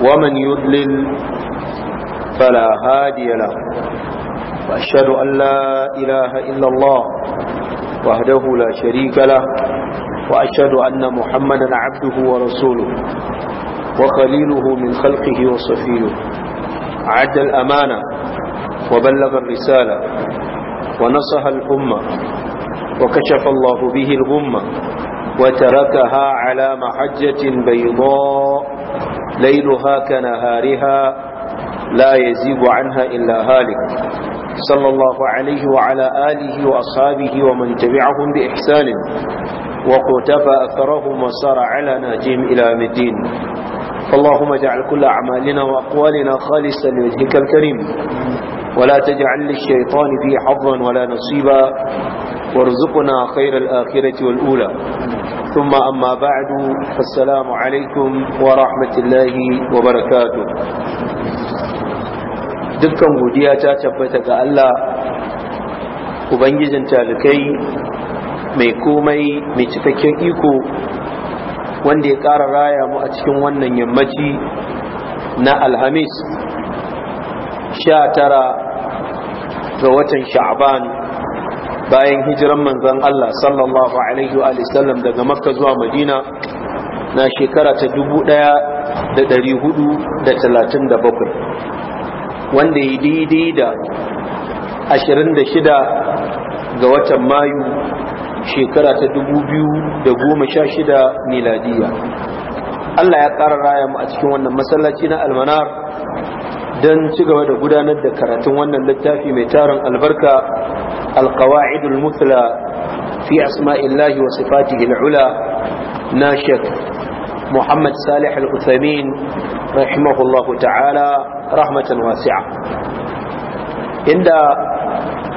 ومن يضلل فلا هادي له وأشهد أن لا إله إلا الله وحده لا شريك له وأشهد أن محمدا عبده ورسوله وخليله من خلقه وصفيه عد الأمانة وبلغ الرسالة ونصح الأمة وكشف الله به الغمة وتركها على محجة بيضاء ليلها كنهارها لا يزيغ عنها إلا هالك صلى الله عليه وعلى آله وأصحابه ومن تبعهم بإحسان وقتفى أثرهم وسار على ناجهم إلى مدين فاللهم اجعل كل أعمالنا وأقوالنا خالصا لوجهك الكريم ولا تجعل للشيطان فيه حظا ولا نصيبا وارزقنا خير الآخرة والأولى ثم أما بعد فالسلام عليكم ورحمة الله وبركاته dukkan godiya ta tabbata ga Allah ubangijin talikai mai komai mai cikakken iko wanda ya ƙara raya mu a cikin wannan yammaci na alhamis sha tara ga watan sha'ban bayan hijiran manzan Allah sallallahu alaihi wa sallam daga makka zuwa madina na shekara ta 1437 wanda ya daidai da 26 ga watan mayu shekara ta 2016 miladiya Allah ya ƙara raya mu a cikin wannan masallaci na almanar don ci gaba da gudanar da karatun wannan littafi mai tarin albarka alkawa'idul mutla fi asma'illahi wa sifatihi al'ula na shek muhammad salih al-uthamin rahimahullahu ta'ala rahmatan wasi'a inda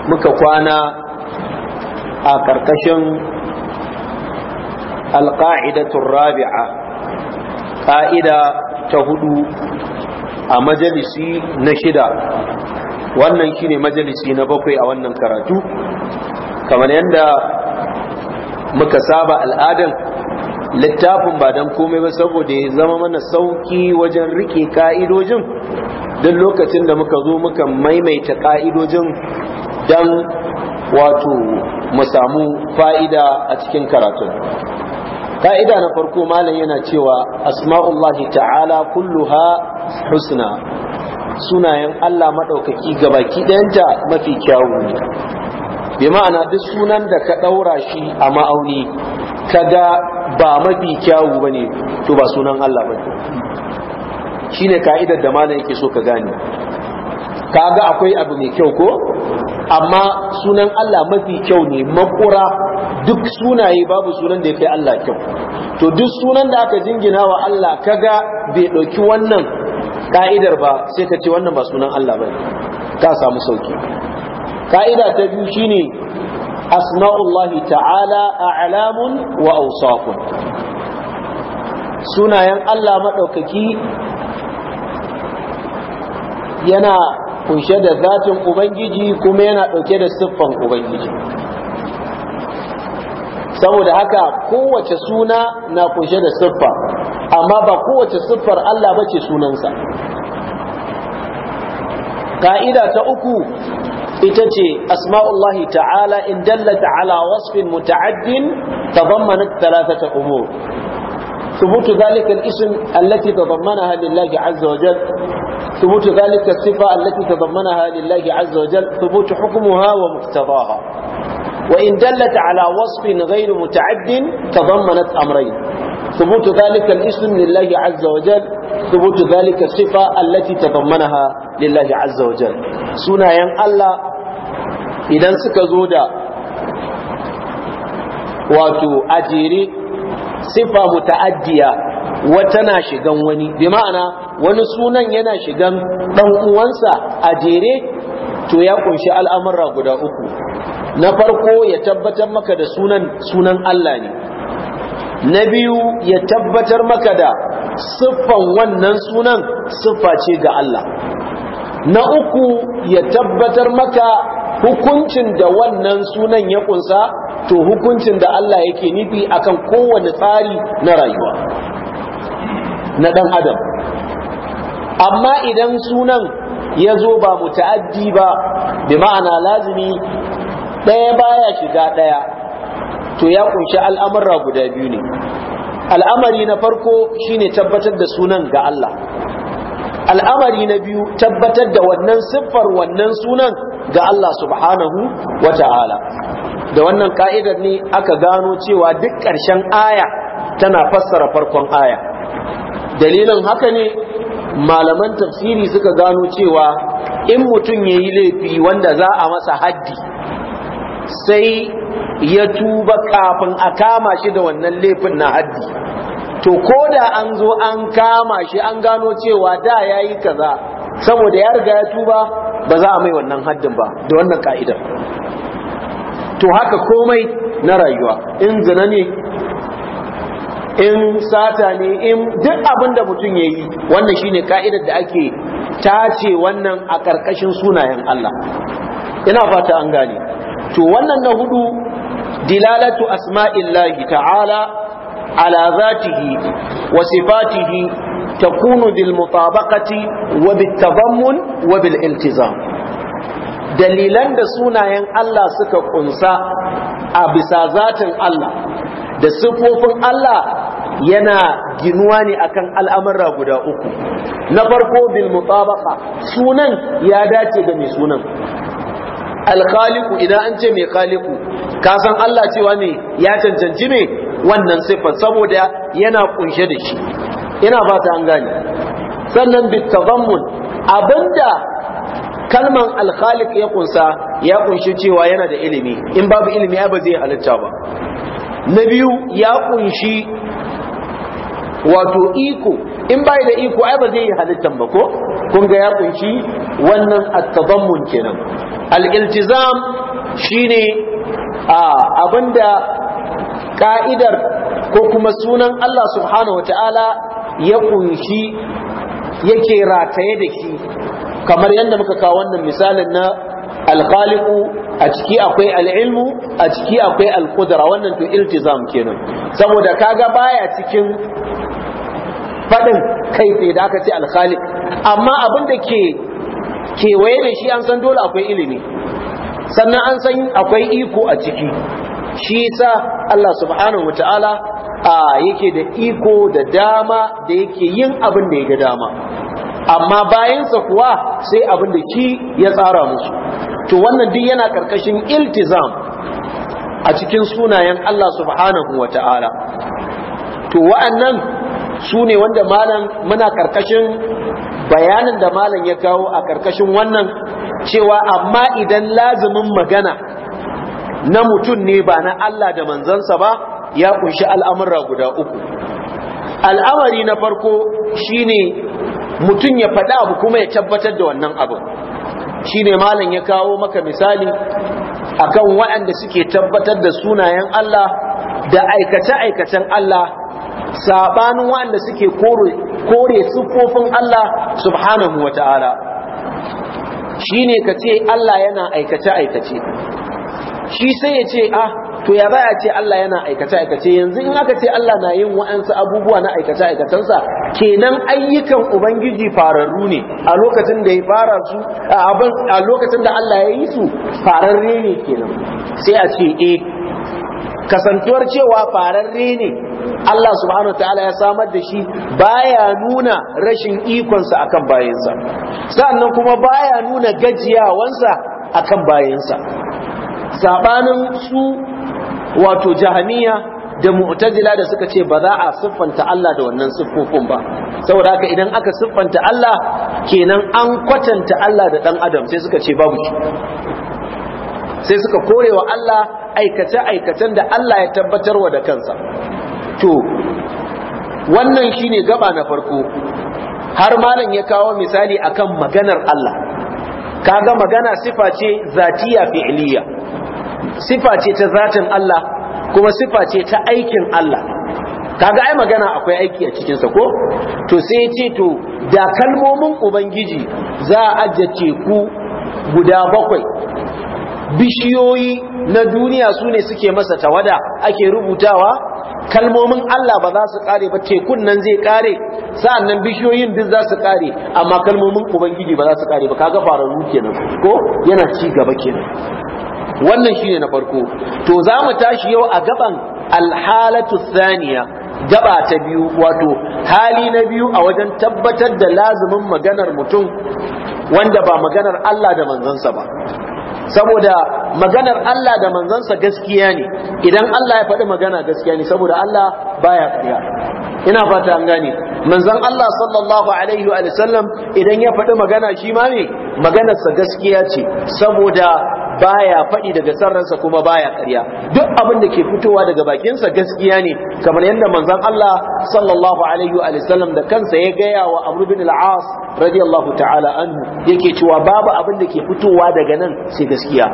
muka kwana a ƙarƙashin alƙa'idatun rabi'a ƙa'ida ta hudu a majalisi na shida wannan shine majalisi na bakwai a wannan karatu kamar yadda muka saba al'adan littafin ba don komai ba saboda ya zama mana sauki wajen rike ka'idojin don lokacin da muka zo muka maimaita ka'idojin don wato mu samu fa'ida a cikin karatun ka'ida na farko malam yana cewa asma'ullahi ta'ala kulluha husna sunayen Allah maɗaukaki gabaki ɗayanta mafi kyawu ne bi ma'ana duk sunan da ka ɗaura shi a ma'auni kaga ba mafi kyawu bane to ba sunan Allah bane shine ka'idar da malam yake so ka gane kaga akwai abu mai kyau ko amma sunan Allah mafi kyau ne makura duk sunaye babu sunan da ya kai Allah kyau to duk sunan da aka jingina wa Allah kaga bai ɗauki wannan ka'idar ba sai ka ce wannan ba sunan Allah ba ka samu sauki ka'ida ta biyu shine asma'ullahi ta'ala a'lamun wa awsafun sunayen Allah madaukaki yana kunshe da zatin ubangiji kuma yana ɗauke da siffan ubangiji saboda haka kowace suna na kunshe da siffa amma ba kowace siffar Allah bace sunansa ka'ida ta uku ita ce asma'ullahi ta'ala in dallata ala wasfin muta'addin tadammanat thalathata umur ثبوت ذلك الاسم التي تضمنها لله عز وجل ثبوت ذلك الصفة التي تضمنها لله عز وجل ثبوت حكمها ومقتضاها وإن دلت على وصف غير متعد تضمنت أمرين ثبوت ذلك الاسم لله عز وجل ثبوت ذلك الصفة التي تضمنها لله عز وجل سنة الله إذا سكزودا واتو أجيري صفة متعدية وتناشي قواني بمعنى wani sunan yana shigan dan uwansa a jere to ya kunshi al'amura guda uku na farko ya tabbatar maka da sunan sunan Allah ne na biyu ya tabbatar maka da siffan wannan sunan siffa ce ga Allah na uku ya tabbatar maka hukuncin da wannan sunan ya kunsa to hukuncin da Allah yake nufi akan kowane tsari na rayuwa na dan adam amma idan sunan ya zo ba mu ta'addi ba bi ma'ana lazimi ɗaya baya shiga ɗaya to ya kunshi al'amurra guda biyu ne al'amari na farko shine tabbatar da sunan ga Allah al'amari na biyu tabbatar da wannan siffar wannan sunan ga Allah subhanahu wa ta'ala da wannan ka'idar ne aka gano cewa duk ƙarshen aya tana fassara farkon aya dalilin haka ne malaman tafsiri suka gano cewa in mutum ya yi laifi wanda za a masa haddi sai ya tuba kafin a kama shi da wannan laifin na haddi to ko da an zo an kama shi an gano cewa da ya yi kaza saboda ya riga ya tuba ba za a mai wannan haddin ba da wannan ka'idar to haka komai na rayuwa in zina ne in sata ne in duk abin da mutum ya yi wannan shine ka'idar da ake tace wannan a ƙarƙashin sunayen Allah ina fata an gane to wannan na hudu dilalatu asma'illahi ta'ala ala zatihi wa sifatihi takunu bil mutabaqati wa bit tadammun wa bil dalilan da sunayen Allah suka kunsa a bisa zatin Allah da siffofin Allah yana ginuwa ne akan al'amura guda uku na farko bil mutabaqa sunan ya dace ga mai sunan alkhaliqu idan an ce mai khaliqu ka san Allah cewa ne ya cancanci ne wannan sifar saboda yana kunshe da shi ina ba ta an gane sannan bit tadammun abinda kalman alkhaliq ya kunsa ya kunshi cewa yana da ilimi in babu ilimi ba zai halitta ba na biyu ya kunshi wato iko in bai da iko ai ba zai yi halittan ba ko kun ga ya kunshi wannan at-tadammun kenan al-iltizam shine abinda ka'idar ko kuma sunan Allah subhanahu wataala ya kunshi yake rataye da shi kamar yadda muka kawo wannan misalin na alkhaliku a ciki akwai al'ilmu a ciki akwai alkudura wannan to iltizam kenan saboda kaga baya cikin faɗin kai tsaye da aka ce alkhalik amma abin da ke kewaye ne shi an san dole akwai ilimi sannan an san akwai iko a ciki shi sa Allah subhanahu wataala yake da iko da dama da yake yin abin da ya ga dama amma bayansa kuwa sai abin da ki ya tsara musu to wannan duk yana karkashin iltizam a cikin sunayen Allah subhanahu wata'ala to wa'annan su ne wanda malam muna karkashin bayanin da malam ya kawo a karkashin wannan cewa amma idan lazumin magana na mutum ne ba na Allah da manzansa ba ya kunshi al'amura guda uku al'amari na farko shi ne mutum ya faɗa abu kuma ya tabbatar da wannan abu ne malam ya kawo maka misali akan waɗanda suke tabbatar da sunayen Allah da aikace-aikacen Allah sabanin wanda suke kore kore siffofin Allah subhanahu wata'ala shine kace Allah yana aikace aikace shi sai ya ce ah to ya baya ce Allah yana aikace aikace yanzu in aka ce Allah na yin wa'ansu abubuwa na aikace aikacensa kenan ayyukan ubangiji fararru ne a lokacin da ya fara su a lokacin da Allah ya yi su fararre ne kenan sai a ce eh kasantuwar cewa fararre ne Allah subhanahu ta'ala ya samar da shi baya nuna rashin ikonsa akan bayansa sannan kuma baya nuna gajiyawansa akan bayansa sabanin su wato jahamiya da mu'tazila da suka ce ba za a siffanta Allah da wannan siffofin ba saboda haka idan aka siffanta Allah kenan an kwatanta Allah da dan adam sai suka ce babu sai suka korewa Allah aikace-aikacen da Allah ya tabbatar wa da kansa to wannan shine gaba na farko har malam ya kawo misali akan maganar Allah kaga magana sifa ce zatiya fi'liya sifa ce ta zatin Allah kuma sifa ce ta aikin Allah kaga ai magana akwai aiki a cikinsa ko to sai ya ce to da kalmomin ubangiji za a ajiye teku guda bakwai bishiyoyi na duniya su ne suke masa tawada ake rubutawa kalmomin Allah ba za su kare ba tekun nan zai kare Sa'an nan bishiyoyin duk za su kare amma kalmomin ubangiji ba za su kare ba kaga fararru kenan ko yana ci gaba kenan wannan shi ne na farko to za mu tashi yau a gaban alhalatu thaniya gaba ta biyu wato hali na biyu a wajen tabbatar da lazumin maganar mutum wanda ba maganar Allah da manzansa ba saboda maganar Allah da manzansa gaskiya ne idan Allah ya faɗi magana gaskiya ne saboda Allah baya ƙarya ina fata an gane manzon Allah sallallahu alaihi wa sallam idan ya faɗi magana shi ma ne maganarsa gaskiya ce saboda baya faɗi daga sarransa kuma baya ƙarya duk abin da ke fitowa daga bakinsa gaskiya ne kamar yadda manzon Allah sallallahu alaihi wa sallam da kansa ya gaya wa Amr bin al-As radiyallahu ta'ala anhu yake cewa babu abin da ke fitowa daga nan sai gaskiya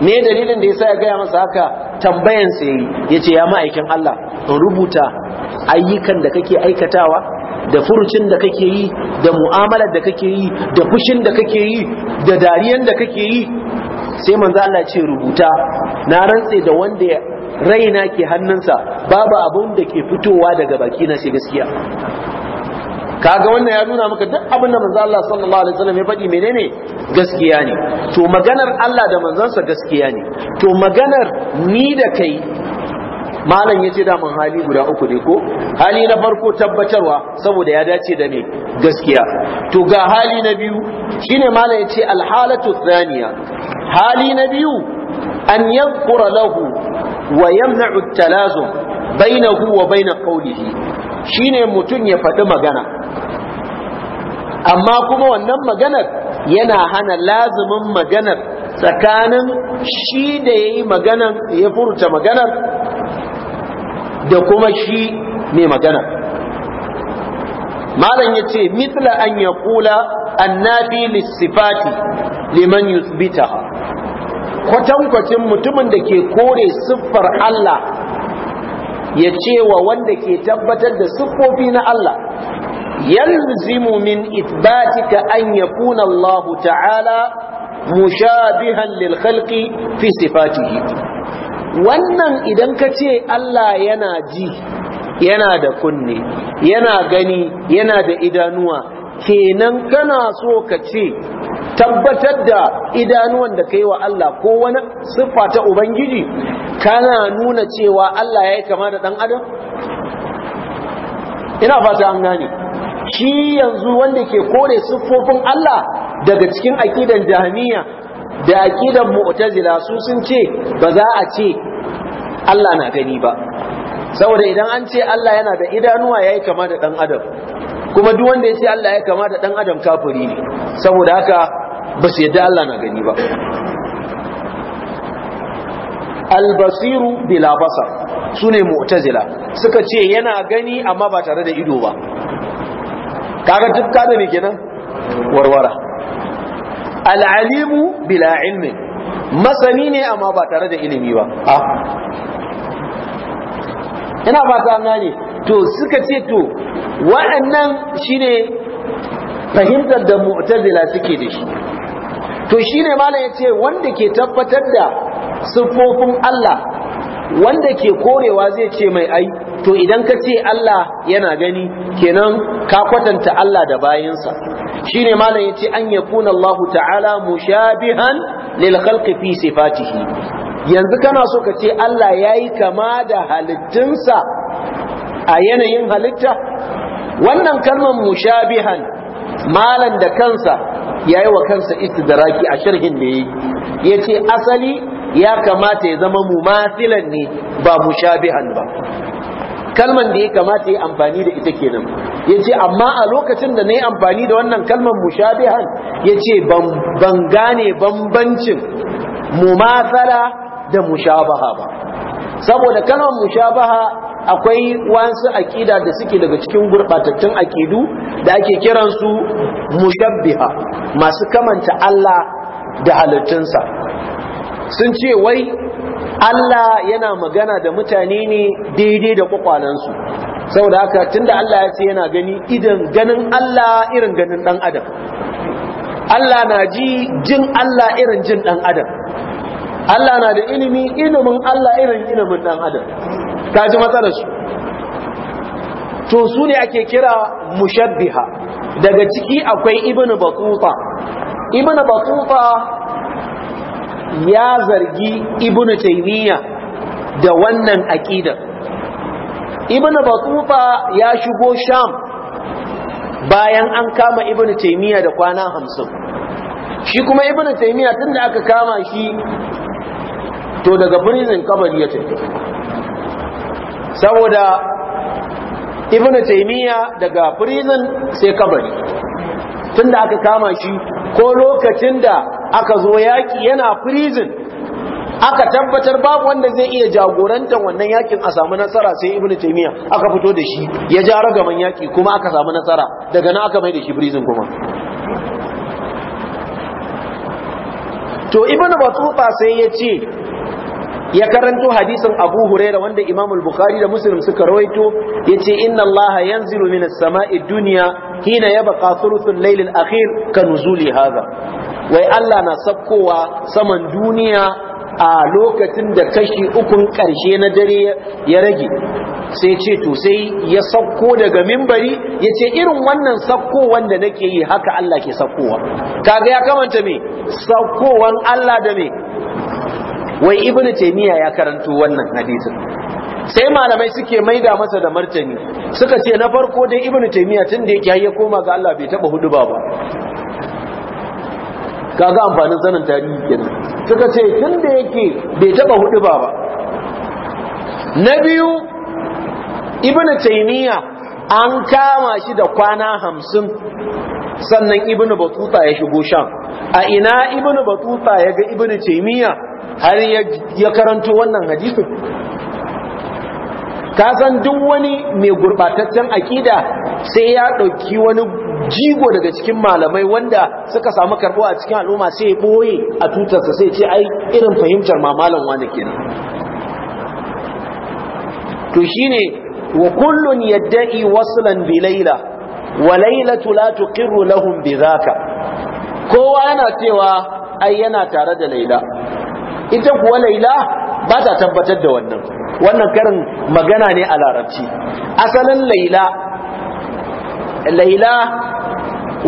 me dalilin da yasa ya gaya masa haka tambayan sa yace ya ma'aikin Allah rubuta ayyukan da kake aikatawa da furucin da kake yi da mu'amalar da kake yi da fushin da kake yi da dariyan da kake yi sai manzo Allah ce rubuta na rantse da wanda raina ke hannunsa babu abun da ke fitowa daga baki na sai gaskiya kaga wannan ya nuna maka duk abin da manzo Allah sallallahu alaihi wasallam ya faɗi menene gaskiya ne to maganar Allah da manzansa gaskiya ne to maganar ni da kai malam yace da mun hali guda uku ne ko hali na farko tabbatarwa saboda ya dace da me gaskiya to ga hali na biyu shine malam yace halatu thaniya hali na biyu an yankura lahu wa yamna'u at-talazum bainahu wa bain shi shine mutum ya faɗi magana amma kuma wannan maganar yana hana lazumin maganar tsakanin shi da ya yi maganar ya furta maganar da kuma shi mai maganar malam ce mitla an ya kula. annafi lissifati liman yuthbita kwatankwacin mutumin da ke kore siffar Allah ya wa wanda ke tabbatar da siffofi na Allah yalzimu min itbatika an yakuna Allah ta'ala mushabihan lil khalqi fi sifatihi wannan idan ka ce Allah yana ji yana da kunne yana gani yana da idanuwa kenan kana so ka ce tabbatar da idanuwan da ka yi wa Allah ko wani siffa ta ubangiji kana nuna cewa Allah ya yi kama da ɗan adam ina fata an gane shi yanzu wanda ke kore siffofin Allah daga cikin akidan jahmiya da akidan mu'tazila su sun ce ba za a ce Allah na gani ba saboda idan an ce Allah yana da idanuwa ya yi kama da ɗan adam kuma duk wanda ya ce Allah ya kamata dan adam kafiri ne saboda haka ba su yadda Allah na gani ba albasiru bila basar su mu'tazila suka ce yana gani amma ba tare da ido ba kaga duk kada ne kenan warwara al'alimu bila ilmi masani ne amma ba tare da ilimi ba ah. ina ba ta gane to suka ce to waɗannan shine fahimtar da mu'tazila suke da shi to shine malam yace wanda ke tabbatar da siffofin Allah wanda ke korewa zai ce mai ai to idan ka ce Allah yana gani kenan ka kwatanta Allah da bayinsa shine malam yace an yakuna Allah ta'ala mushabihan lil khalqi fi sifatihi yanzu kana so ka ce Allah yayi kama da halittunsa a yanayin halitta wannan kalmar mushabihan malan da kansa yayi wa kansa istidraki a sharhin da yayi yace asali ya kamata ya zama mumathilan ne ba mushabihan ba kalman da ya kamata ya amfani da ita kenan yace amma a lokacin da nayi amfani da wannan kalmar mushabihan yace ban ban gane bambancin Mumasala da mushabaha ba saboda kalmar mushabaha akwai wasu aƙida da suke daga cikin gurɓatattun aƙidu da ake kiransu mushabbiha masu kamanta Allah da halittunsa sun ce wai Allah yana magana da mutane ne daidai da kwakwalansu saboda haka tunda Allah ya ce yana gani idan ganin Allah irin ganin dan adam Allah na ji jin Allah irin jin dan adam Allah na da ilimi ilimin Allah irin ilimin dan adam ka ji matsalarsu to su ne ake kira mushabbiha daga ciki akwai ibn batuta ibn batuta ya zargi ibn taymiya da wannan aqidar ibn batuta ya shigo sham bayan an kama ibn taymiya da kwana hamsin shi kuma ibn taymiya tunda aka kama shi to daga birnin kabari ya tafi saboda ibnu taymiya daga prison sai kabari tunda aka kama shi ko lokacin da aka zo yaki yana prison aka tabbatar babu wanda zai iya jagorantar wannan yakin a samu nasara sai ibnu taymiya aka fito da shi ya ja ragaman yaki kuma aka samu nasara daga nan aka mai da shi prison kuma to Ibn batuta sai ya ce ya karanto hadisin Abu Huraira wanda Imam al-Bukhari da Muslim suka rawaito yace inna Allah yanzilu min as-sama'i dunya hina yabqa thuluthul layl al-akhir ka nuzuli hadha wai Allah na sakkowa saman duniya a lokacin da kashi ukun karshe na dare ya rage sai ce to sai ya sakko daga mimbari ya ce irin wannan sakko wanda nake yi haka Allah ke sakkowa kaga ya kamanta me sakkowan Allah da me wai ibn taymiya ya karanto wannan hadisin sai malamai suke maida masa da martani suka ce na farko dai ibn taymiya tun da yake ya koma ga Allah bai taba hudu ba kaga amfanin sanin tarihi kenan suka ce tun da yake bai taba hudu ba na biyu ibn taymiya an kama shi da kwana hamsin sannan ibn batuta ya shigo shan. a ina ibn batuta ya ga ibn taymiya har ya karanto wannan hadisin ka san duk wani mai gurbataccen aƙida sai ya ɗauki wani jigo daga cikin malamai wanda suka samu karɓo a cikin al'umma sai ya ɓoye a tutarsa sai ce ai irin fahimtar mamalan wani kenan to shine wa kullun yadda'i waslan bi laila wa lailatu la tuqirru lahum bi ka, kowa yana cewa ai yana tare da laila ita kuwa laila ba ta tabbatar da wannan wannan karin magana ne a larabci asalin laila laila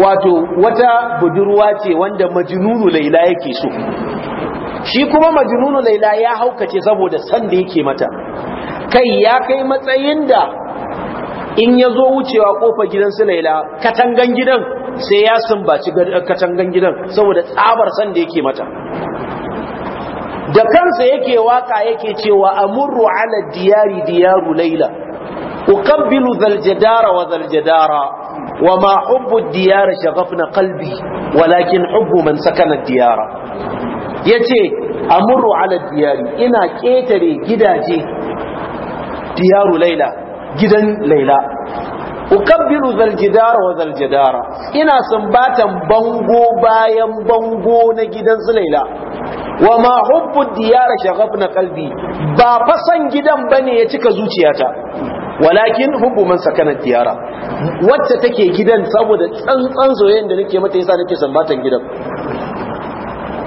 wato wata budurwa ce wanda majnunu laila yake so shi kuma majnunu laila ya haukace saboda sanda da yake mata kai ya kai matsayin da in ya zo wucewa kofar gidan su laila katangan gidan sai ya sumbaci katangan gidan saboda tsabar sanda da yake mata da kansa yake waka yake cewa amurru ala diyari diyaru laila uqabbilu zal jadara wa zal jadara wa ma hubbu diyar shaghafna qalbi walakin hubbu man sakana diyara yace amurru ala diyari ina ketare gidaje diyaru laila gidan laila zal jadara wa jadara ina sambatan bango bayan bango na gidan su laila wa ma hubbu diyara shagabna qalbi ba fa san gidan bane ya cika zuciyata walakin hubbu man sakana diyara wacce take gidan saboda tsantsan soyayyen da nake mata yasa nake sambatan gidan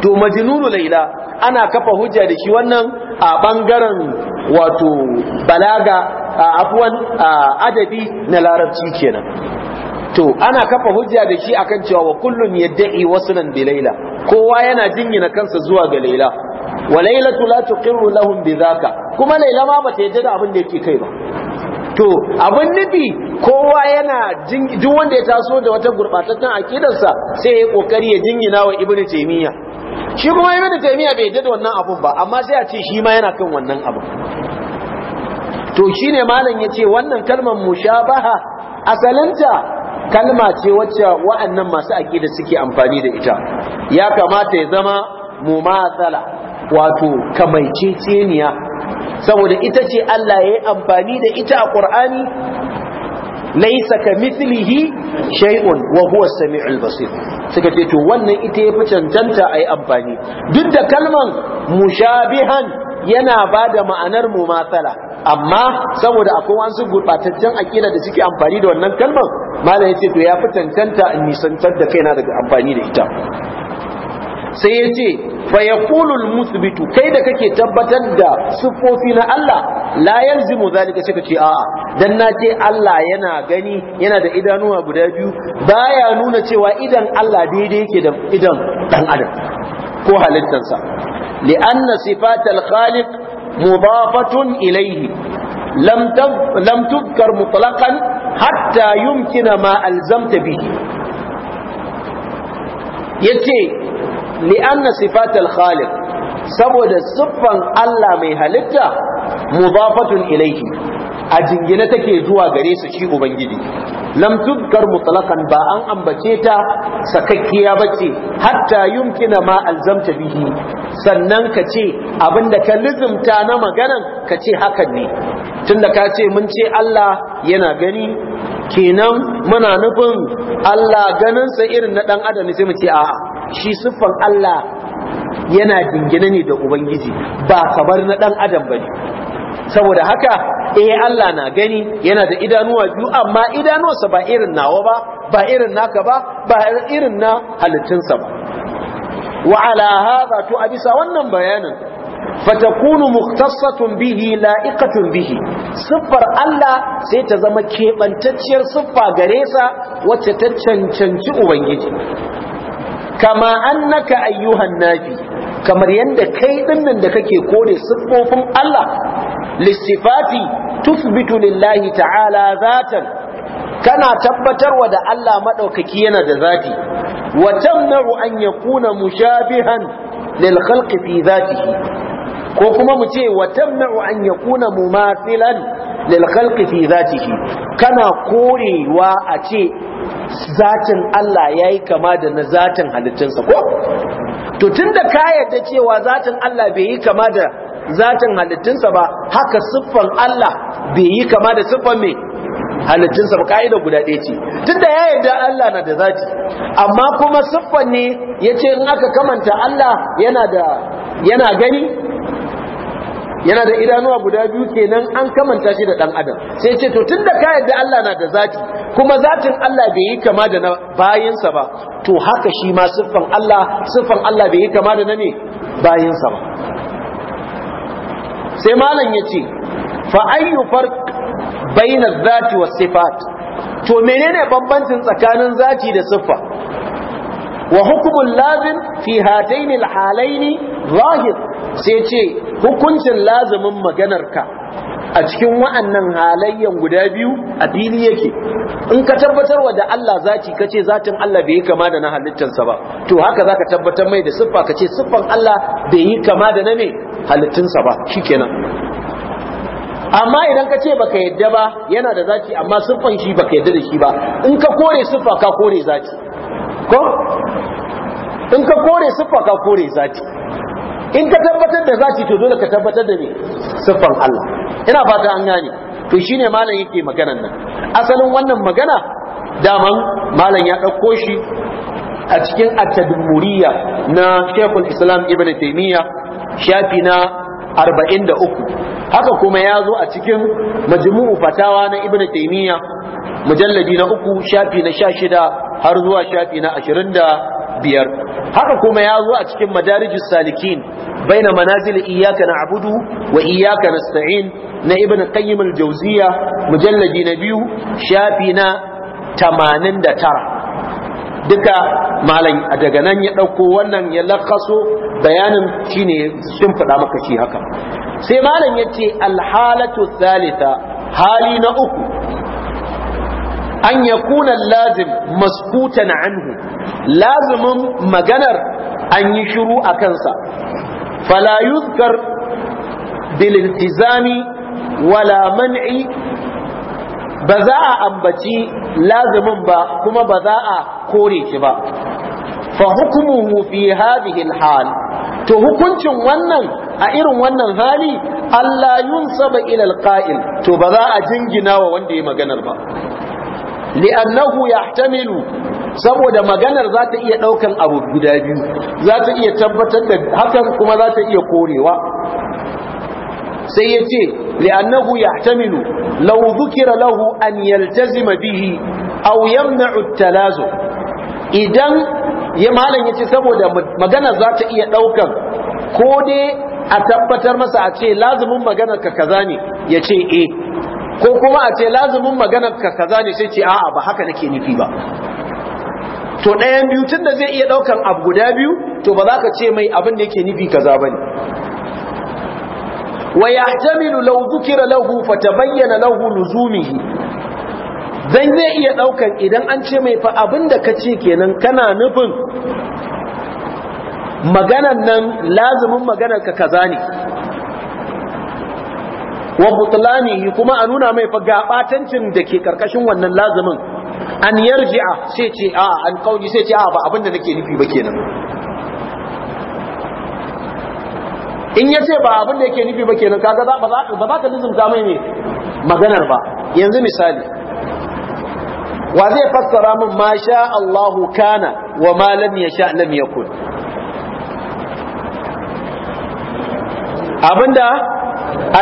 to majnunu laila ana kafa hujja da shi wannan a bangaren wato balaga a afwan adabi na larabci kenan to ana kafa hujja da shi akan cewa wa kullun yad'i waslan bi laila kowa yana jinyina kansa zuwa ga laila wa lailatu la tuqirru lahum bidhaka kuma laila ma bata yadda da abin da yake kai ba to abin nufi kowa yana duk wanda ya taso da wata gurbatattun akidarsa sai ya kokari ya jinyina wa ibnu taymiya shi kuma ibnu taymiya bai yadda da wannan abun ba amma sai a ce shi ma yana kan wannan abun to shine malam yace wannan kalmar mushabaha asalinta kalma ce wacce wa'annan masu aƙida suke amfani da ita ya kamata ya zama mumatsala wato kamaiceceniya saboda ita ce Allah ya yi amfani da ita a ƙur'ani laisa ka mithlihi shay'un wa huwa as-sami'ul basir suka ce to wannan ita yafi cancanta ayi amfani duk da kalman mushabihan yana bada ma'anar mumatsala amma saboda akwai wasu gurɓataccen aƙida da suke amfani da wannan kalmar malam yace to ya fi tantanta in nisantar da kaina daga amfani da ita sai ya ce fa yaqulul musbitu kai da kake tabbatar da siffofi na Allah la yalzimu zalika sai kace a'a dan na ce Allah yana gani yana da idanuwa guda biyu baya nuna cewa idan Allah daidai yake da idan dan adam ko halittarsa li'anna sifatal khaliq مضافة إليه لم لم تذكر مطلقا حتى يمكن ما ألزمت به يتي لأن صفات الخالق سبب صفا ألا ميهلتا مضافة إليه a jingine take zuwa gare su shi ubangiji lam tudkar ba an ambace ta sakakkiya bace hatta yumkina ma alzamta bihi sannan ka ce abinda ka lizumta na maganan ka ce hakan ne tunda ka ce mun ce Allah yana gani kenan muna nufin Allah ganinsa irin na dan adam sai mu ce a'a shi siffan Allah yana dingina ne da ubangiji ba kamar na dan adam bane saboda haka eh Allah na gani yana da idanuwa biyu amma sa ba irin nawa ba ba irin naka ba ba irin na halittunsa ba wa ala hadha to a bisa wannan bayanin fatakunu mukhtassatun bihi la'iqatun bihi siffar Allah sai ta zama keɓantacciyar siffa gare sa wacce ta cancanci ubangiji kama annaka ayyuhan nafi kamar yadda kai dinnan da kake kone siffofin Allah lissifati tuthbitu lillahi ta'ala zatan kana tabbatarwa da Allah maɗaukaki yana da zati wa tamna'u an yakuna mushabihan lil khalqi fi zatihi ko kuma mu ce wa tamna'u an yakuna mumathilan lil khalqi fi zatihi kana korewa a ce zatin Allah yayi kama da na zatin halittunsa ko to tunda ka yarda cewa zatin Allah bai yi kama da zatin halittunsa ba haka siffan Allah bai yi kama da siffan mai halittunsa ba ka'ida guda ɗaya ce tunda ya yarda Allah na da zati amma kuma siffan ne ya ce in aka kamanta Allah yana gani yana da idanuwa guda biyu kenan an kamanta shi da ɗan adam sai ce to tunda ka yarda Allah na da zati kuma zatin Allah bai yi kama da na bayinsa ba to haka shi ma siffan Allah siffan Allah bai yi kama da na ne bayinsa ba sai malam yace fa ayyu farq bainar zati wa sifat to menene bambancin tsakanin zati da siffa wa hukumul lazim fi hatayn al halayn zahir sai ce hukuncin lazimin maganarka a cikin wa'annan halayyan guda biyu a fili yake in ka tabbatar wa da Allah zati kace zatin Allah bai yi kama da na halittansa ba to haka zaka tabbatar mai da siffa kace siffan Allah bai yi kama da na me halittunsa ba shikenan amma idan ka ce baka yadda ba yana da zaci amma siffan shi baka yadda da shi ba in ka kore siffa ka kore zaci, ko in ka kore siffa ka kore zaci, in ka tabbatar da zaci to dole ka tabbatar da me siffan Allah ina fata an gane to shine malam yake maganan nan asalin wannan magana daman malam ya dauko shi a cikin at na Sheikhul Islam Ibn Taymiyyah shafi na Arba'in uku haka kuma ya zo a cikin majmu'u fatawa na ibn taymiya mujalladi na uku shafi na sha shida har zuwa shafi na ashirin da biyar haka kuma ya zo a cikin madarijus salikin baina manazil iyyaka Abudu wa iyyaka nasta'in na ibn qayyim al-jawziya mujalladi na biyu shafi na tamanin da tara duka malam daga nan ya ɗauko wannan ya lakaso bayanin shine sun faɗa maka shi haka sai malam ya ce alhalatu thalitha hali na uku an ya kuna lazim maskutan anhu lazimin maganar an yi shiru a kansa fala yuzkar bililtizami wala man'i ba za a ambaci lazimin ba kuma ba za a kore shi ba fa hukumuhu fi hadhihi al-hal to hukuncin wannan a irin wannan hali Allah yunsaba ila al to ba za a jingina wa wanda ya maganar ba li'annahu yahtamilu saboda maganar za ta iya daukan abu guda biyu za ta iya tabbatar da hakan kuma za ta iya korewa sai ya ce li'annahu yahtamilu law dhukira lahu an yaltazima bihi aw yamna'u at idan ya malam ya ce saboda magana za ta iya ɗaukan ko dai a tabbatar masa a ce lazumin maganar ka kaza ne ya ce e ko kuma a ce lazumin maganar ka kaza ne sai ce a'a ba haka nake nufi ba to ɗayan biyu tun da zai iya ɗaukan abu guda biyu to ba za ka ce mai abin da yake nufi kaza ba ne wa yahtamilu law dhukira lahu fatabayyana lahu nuzumihi dan zai iya daukan idan an ce mai fa abin da ka ce kenan kana nufin maganan nan lazumin maganar ka kaza ne wa butlani kuma a nuna mai fa gabatancin da ke karkashin wannan lazumin an yarji'a sai ce a an kauli sai ce a ba abin da nake nufi ba kenan in ya ce ba abin da yake nufi ba kenan kaga ba za ka lizumta mai ne maganar ba yanzu misali wa zai fassara min ma sha Allahu kana wa ma lam yasha lam yakun abinda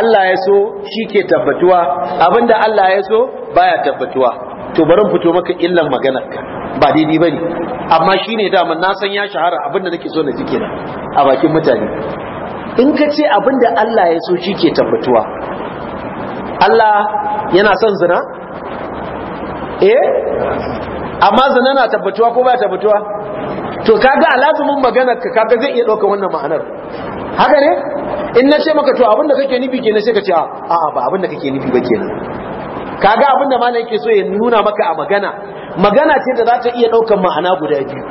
Allah ya so shike tabbatuwa abinda Allah ya so baya tabbatuwa to bari in fito maka illan maganarka ba daidai bane amma shine da na san ya shahara abinda nake so na ji kenan a bakin mutane in ka ce abinda Allah ya so shike tabbatuwa Allah yana son zina eh amma zina na tabbatuwa ko ba tabbatuwa to kaga alazumin maganar ka kaga zai iya dauka wannan ma'anar haka ne in na ce maka to abinda kake nufi kenan sai ka ce a'a ba abinda kake nufi ba kenan kaga abinda malam yake so ya nuna maka a magana magana ce da za ta iya ɗaukar ma'ana guda biyu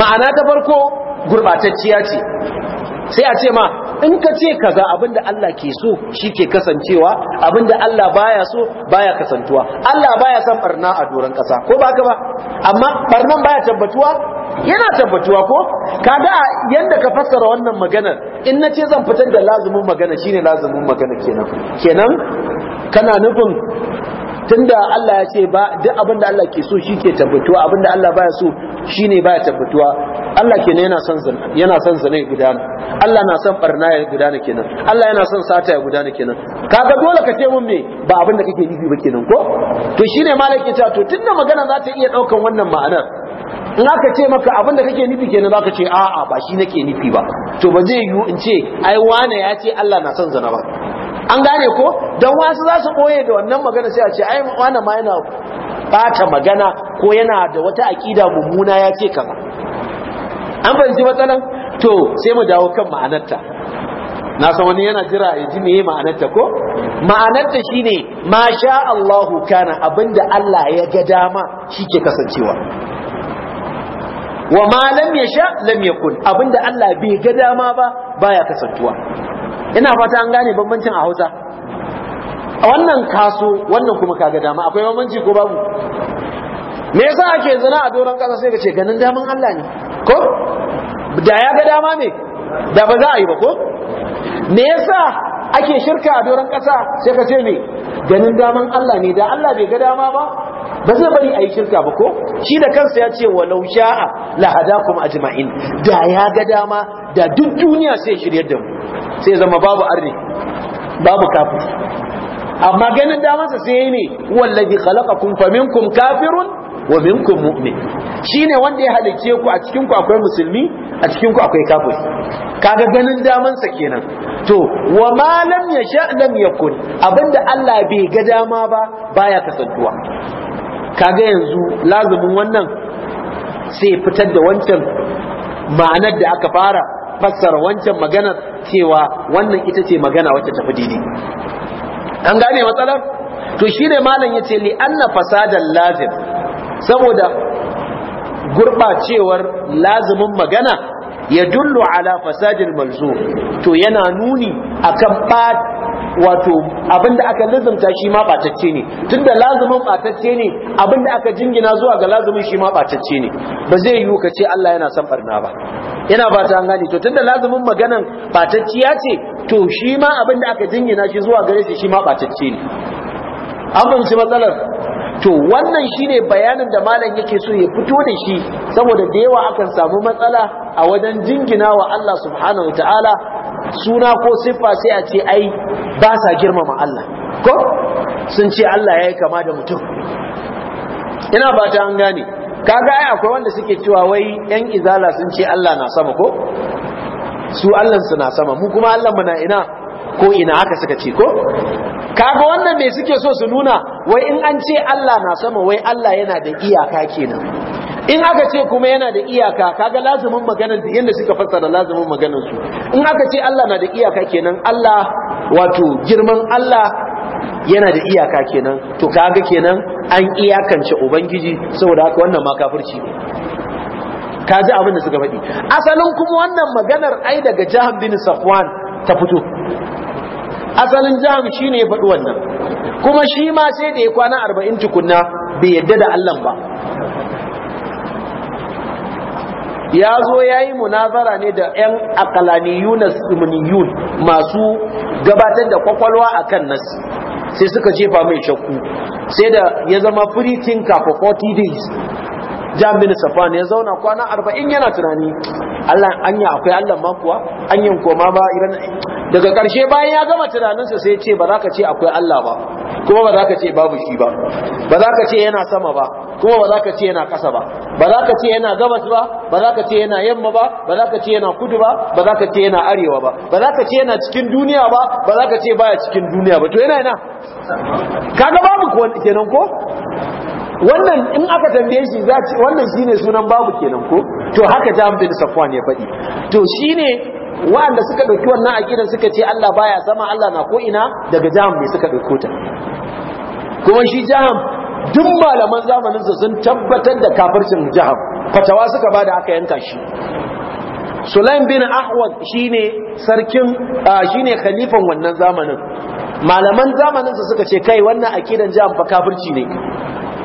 ma'ana ta farko gurbatacciya ce sai a ce ma in ka ce kaza abinda Allah ke so shi ke kasancewa abinda Allah baya so baya kasantuwa Allah baya son barna a doron kasa ko ba ka ba amma barnan baya tabbatuwa yana tabbatuwa ko Ka kaga yadda ka fassara wannan maganar in na ce zan fitar da lazumin magana shine lazumin magana kenan kenan kana nufin tunda Allah ya ce ba duk abin da Allah ke so shi ke tabbatuwa abin da Allah baya so shine baya tabbatuwa Allah kenan yana son zina yana son zina ya gudana Allah na son barna ya gudana kenan Allah yana son sata ya gudana kenan kaga dole ka ce mun me ba abin da kake nufi ba kenan ko to shine malaki ta to tunda magana za ta iya daukan wannan ma'anar in aka ce maka abinda kake nufi kenan zaka ce a'a ba shi nake nufi ba to ba zai yiwu in ce ai wane ya ce Allah na son zana ba an gane ko dan wasu za su boye da wannan magana sai a ce ai wane ma yana bata magana ko yana da wata akida mummuna ya ce kama. an fahimci matsalan to sai mu dawo kan ma'anarta na san wani yana jira ya ji meye ma'anarta ko ma'anarta shine masha Allahu kana abinda Allah ya ga dama shike kasancewa wa ma lam yasha lam yakun abinda Allah bai ga dama ba baya kasantuwa ina fata an gane bambancin a Hausa wannan kaso wannan kuma kaga dama akwai bambanci ko babu me yasa ake zina a doron kasa sai ka ce ganin daman Allah ne ko da ya ga dama ne da ba za a yi ba ko me yasa ake shirka a doron kasa sai ka ce me ganin daman Allah ne da Allah bai ga dama ba ba zai bari a yi shirka ba ko shi da kansa ya ce walau sha'a la hadakum ajma'in da ya ga dama da duk duniya sai shiryar da mu sai zama babu arni babu kafir amma ganin damansa sai ne wallahi khalaqakum faminkum kafirun wa minkum mu'min shine wanda ya halice ku a cikin ku akwai musulmi a cikin ku akwai kafir kaga ganin sa kenan to wa ma lam yasha lam yakun abinda Allah bai ga dama ba baya kasantuwa kaga yanzu lazumin wannan sai fitar da wancan ma'anar da aka fara fassara wancan maganar cewa wannan ita ce magana wacce tafi daidai an gane matsalar to shine malam yace li anna fasadan lazim saboda gurbacewar lazumin magana ya dullu ala fasadil malzum to yana nuni akan wato abinda aka lazumta shi ma batacce ne tunda lazumin batacce ne abinda aka jingina zuwa ga lazumin shi ma batacce ne ba zai yiwu ka ce Allah yana son barna ba yana ba ta gane to tunda lazumin maganan batacciya ce to shi ma abinda aka jingina shi zuwa gare shi shi ma batacce ne an fahimci matsalar to wannan shine bayanin da malam yake so ya fito da shi saboda da yawa akan samu matsala a wajen jingina wa Allah subhanahu wataala suna ko siffa sai a ce ai ba sa girmama Allah ko sun ce Allah ya yi kama da mutum ina ba ta an gane kaga ai akwai wanda suke cewa wai yan izala sun ce Allah na sama ko su Allah su na sama mu kuma Allah mu na ina ko ina aka suka ce ko kaga wannan me suke so su nuna wai in an ce Allah na sama wai Allah yana da iyaka kenan in aka ce kuma yana da iyaka kaga lazumin maganar da yanda suka fassara lazumin maganar su in aka ce Allah na da iyaka kenan Allah wato girman Allah yana da iyaka kenan to kaga kenan an iyakance ubangiji saboda haka wannan ma kafirci kaji abin da suka faɗi asalin kuma wannan maganar ai daga jahan bin safwan ta fito asalin shi shine ya faɗi wannan kuma shi ma sai da ya kwana arba'in tukunna bai yadda da Allah ba ya zo ya yi munazara ne da 'yan akalaniyun simoniyun masu gabatar da kwakwalwa a kan nasi sai suka jefa mai shakku sai da ya zama free thinker for 40 days jami'in safan ya zauna kwana 40 yana tunani Allah yi akwai Allah makuwa, an yi koma ba iran daga ƙarshe bayan ya gama tunaninsa sai ce ba za ka ce akwai Allah ba kuma ba za ka ce babu shi ba ba za ka ce yana sama ba kuma ba za ka ce yana ƙasa ba ba za ka ce yana gabas ba ba za ka ce yana yamma ba ba za ka ce yana kudu ba ba za ka ce yana arewa ba ba za ka ce yana cikin duniya ba ba za ka ce baya cikin duniya ba to yana yana kaga babu kenan ko wannan in aka tambaye shi za wannan shine sunan babu kenan ko to haka Jam bin Safwan ya faɗi to shine wa'anda suka ɗauki wannan aƙidan suka ce Allah baya sama Allah na ko ina daga jahan mai suka dauko ta kuma shi jahan duk malaman zamanin su sun tabbatar da kafircin jahan fatawa suka bada aka yanka shi Sulaim bin Ahwad shine sarkin shine khalifan wannan zamanin malaman zamanin zamaninsa suka ce kai wannan akidan jahan fa kafirci ne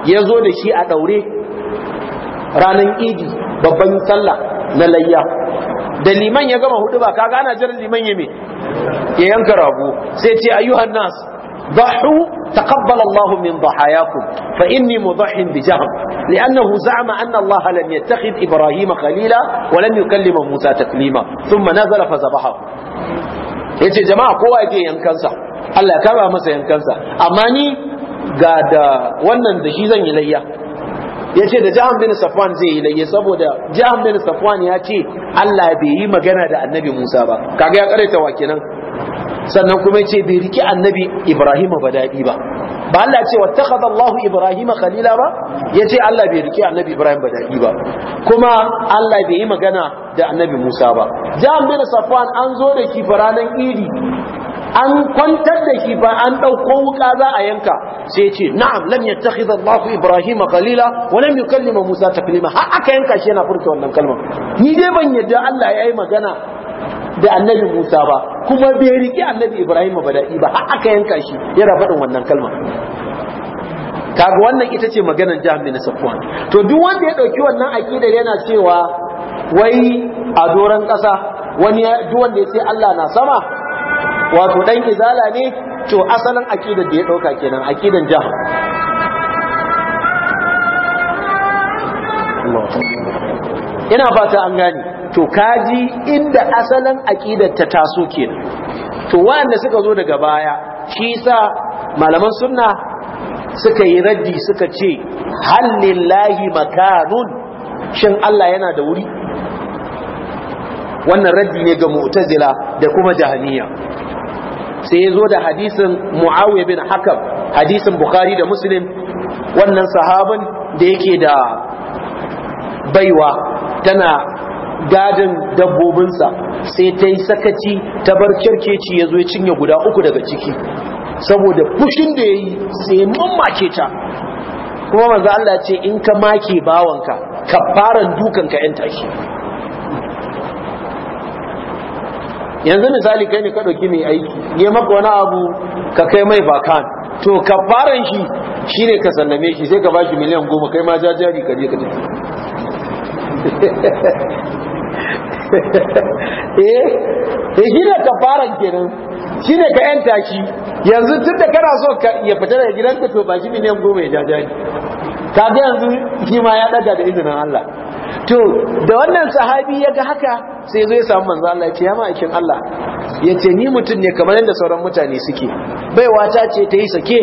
ya zo da shi a daure ranar idi babban sallah na layya da liman ya gama hudu ba kaga ana jiran liman ya me ya yanka rago sai ce ayyuhan nas ضحوا تقبل الله من ضحاياكم فإني مضح بجهم لأنه زعم أن الله لم يتخذ إبراهيم خليلا ولم يكلم موسى تكليما ثم نزل فذبحه yace jama'a kowa yake yankansa Allah ya kaba masa yankansa amma ni ga da wannan da shi zan yi layya ya ce da jahan bin safwan zai yi layya saboda jahan bin safwan ya ce Allah bai yi magana da annabi Musa ba kaga ya karaita wa kenan sannan kuma ya ce bai riki annabi Ibrahim ba ba ba Allah ce wattakhadha Allah Ibrahim khalila ba ya ce Allah bai riki annabi Ibrahim ba ba kuma Allah bai yi magana da annabi Musa ba jahan bin safwan an zo da shi ranar idi an kwantar da shi ba an ɗauko wuka za a yanka sai ce na'am lam yattakhidha Allahu Ibrahim qalila wa lam yukallim Musa taklima har aka yanka shi yana furta wannan kalma ni dai ban yadda Allah ya yi magana da annabi Musa ba kuma bai riki annabi Ibrahim ba da'i ba har aka yanka shi yana faɗin wannan kalma kaga wannan ita ce maganar jihar bin Safwan to duk wanda ya ɗauki wannan akidar yana cewa wai a doran ƙasa wani duk wanda ya ce Allah na sama wato ɗan izala ne to asalin akidar da ya ɗauka kenan akidan jahm ina fata an gane to kaji inda asalin akidar ta taso kenan to wanda suka zo daga baya shi sa malaman sunna suka yi raddi suka ce hallillahi makanun shin Allah yana da wuri wannan raddi ne ga mu'tazila da kuma jahaniya sai ya zo da hadisin muawiya bin hakam hadisin bukhari da muslim wannan sahaban da yake da baiwa tana gadin dabbobinsa sai ta yi sakaci ta bar kirkeci ya zo ya cinye guda uku daga ciki saboda fushin da ya yi sai mamake ta kuma manzo Allah ce in ka make bawanka ka fara dukanka yan tashi yanzu misali kai ne ka ɗauki mai aiki ne maka wani abu ka kai mai bakan to ka faran shi shine ka sallame shi sai ka bashi miliyan goma kai ma jajari ka je ka tafi eh eh shine ka faran kenan shine ka yanta shi yanzu tunda kana so ya fita daga gidanka to ba shi miliyan goma ya jajari ka ga yanzu shi ma ya daga da izinin Allah to da wannan sahabi ya ga haka sai zai samu manzo Allah ya ma ya Allah Yace ni mutum ne kamar yadda sauran mutane suke baiwa ta ce ta yi sake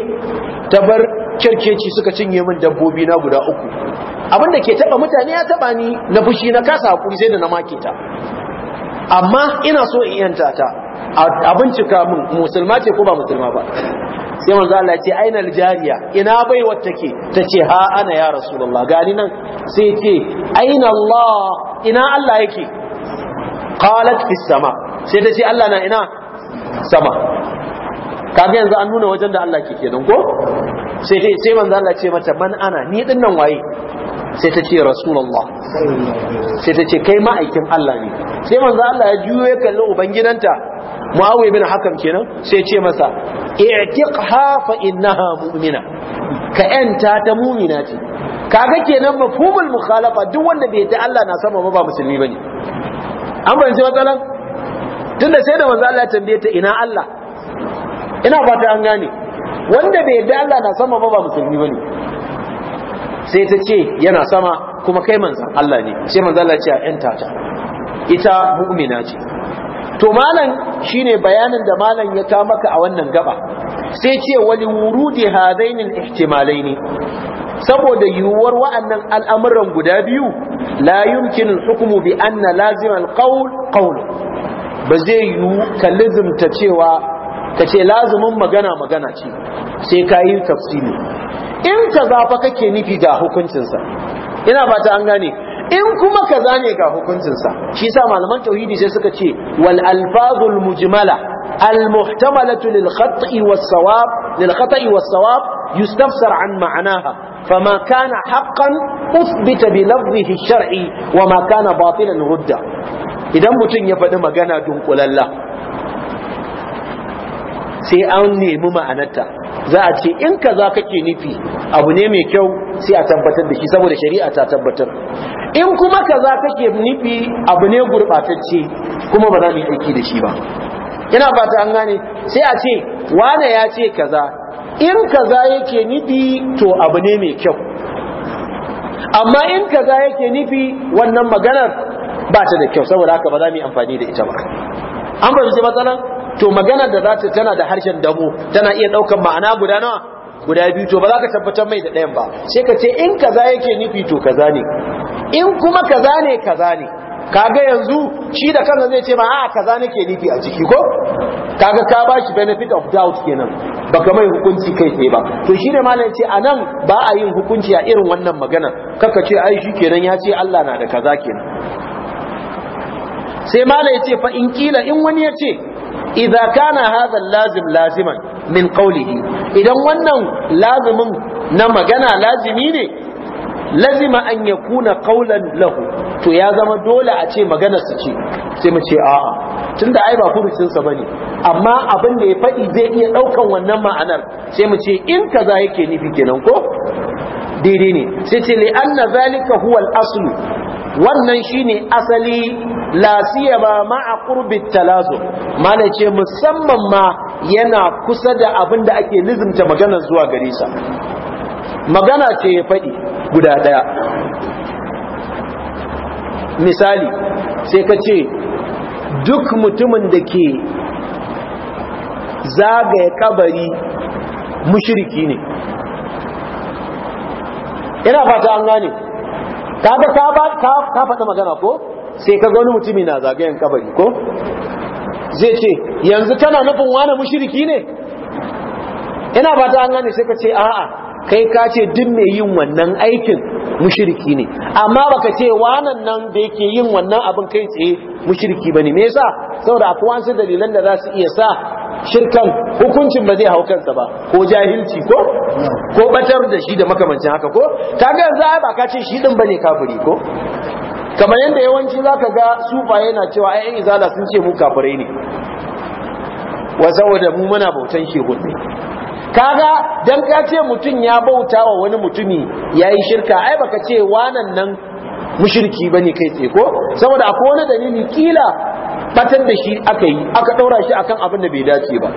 ta bar kirkeci suka cinye min dabbobi na guda uku abin da ke taba mutane ya taba ni na fushi na kasa hakuri sai da na make amma ina so in yanta ta a bincika mun musulma ce ko ba musulma ba sai manzo Allah ce aina aljariya ina bai wata ke tace ha ana ya rasulullah gani nan sai ce aina Allah ina Allah yake qalat fis sama sai tace Allah na ina sama kaga yanzu an nuna wajen da Allah ke kenan ko sai ta sai manzo Allah ce mata man ana ni din nan waye sai ta ce rasulullah sai ta ce kai ma'aikin Allah ne sai manzo Allah ya juyo ya kalli ubangidanta muawiya bin hakan kenan sai ce masa i'tiqha fa innaha mu'mina ka yanta ta mu'mina ce kaga kenan mafhumul mukhalafa duk wanda bai ta Allah na sama ba ba musulmi bane an bayyana matsalan tunda sai da manzo Allah tambaye ta ina Allah ina fata an gane wanda bai yarda Allah na sama ba ba musulmi bane sai ta ce yana sama kuma kai manzo Allah ne sai manzo Allah ce a ta ita mu'mina ce to malam shine bayanin da malam ya ka maka a wannan gaba sai ce wali wurudi hazainin al-ihtimalaini saboda yiwuwar wa'annan al'amuran guda biyu la yumkin hukumu bi anna lazim al-qawl qawl ba zai yiwu kalli ta cewa ka ce lazumin magana magana ce sai ka yi tafsiri in ka zafa kake nufi da hukuncinsa ina ba ta an gane in kuma kaza ne ga hukuncinsa shi sa malaman tauhidi sai suka ce wal alfazul mujmala al muhtamalatu lil khata'i was sawab lil khata'i was sawab yustafsar an ma'anaha fama kana haqqan uthbita bi lafzihi shar'i wa ma kana batilan rudda idan mutum ya faɗi magana dunkulalla sai an nemi ma'anarta za a ce in kaza kake nufi abu ne mai kyau sai a tabbatar da shi saboda shari'a ta tabbatar in kuma kaza kake nufi abu ne gurbatacce kuma ba za mu yi aiki da shi ba ina fata an gane sai a ce wane ya ce kaza in kaza yake nufi to abu ne mai kyau amma in kaza yake nufi wannan maganar ba ta da kyau saboda haka ba za mu yi amfani da ita ba an fahimci matsalar to magana da za ta tana da harshen dabo tana iya ɗaukan ma'ana guda nawa guda biyu to ba za ka tabbatar mai da ɗayan ba sai ka ce in kaza yake nufi to kaza ne in kuma kaza ne kaza ne kaga yanzu shi da kansa zai ce ma a kaza nake nufi a ciki ko kaga ka bashi benefit of doubt kenan baka mai hukunci kai tsaye ba to shi ne malam ce anan ba a yin hukunci a irin wannan magana kaka ce ai shi kenan ya ce Allah na da kaza kenan sai malam ya ce fa in kila in wani ya ce Izaka na hadha lazim laziman min qawlihi idan wannan lazimin na magana lazimi ne lazima an yakuna qawlan lahu to ya zama dole a ce maganar su ce sai mu ce a'a tunda ai ba furucin sa bane amma abin da ya faɗi zai iya ɗaukan wannan ma'anar sai mu ce in kaza yake nufi kenan ko daidai ne sai ce li anna zalika huwa al-aslu wannan shine asali la siyama ma'a qurbi talazum malai ce musamman ma yana kusa da abin da ake nizumta magana zuwa gare sa magana ce ya faɗi guda ɗaya misali sai ka ce duk mutumin da ke zagaya kabari mushiriki ne ina fata an gane kaga ka ba ka magana ko sai ka ga wani mutumi na zagayen kabari ko zai ce yanzu kana nufin wani mushriki ne ina fata an gane sai ka ce a'a kai ka ce duk mai yin wannan aikin mushriki ne amma baka ce wanan nan da yake yin wannan abin kai tsaye mushriki bane me yasa saboda akwai wasu dalilan da za su iya sa shirkan hukuncin ba zai hau kansa ba ko jahilci ko ko batar da shi da makamancin haka ko kaga yanzu ai ba ka ce shi din bane kafiri ko kamar yadda yawanci zaka ga sufa yana cewa ai izala sun ce mu kafirai ne wa saboda mu muna bautan shehun ne kaga dan ka ce mutum ya bauta wa wani mutumi ya yi shirka ai baka ce wanan nan mushriki bane kai tsaye ko saboda akwai wani dalili kila batar da shi aka yi aka ɗaura shi akan abin da bai dace ba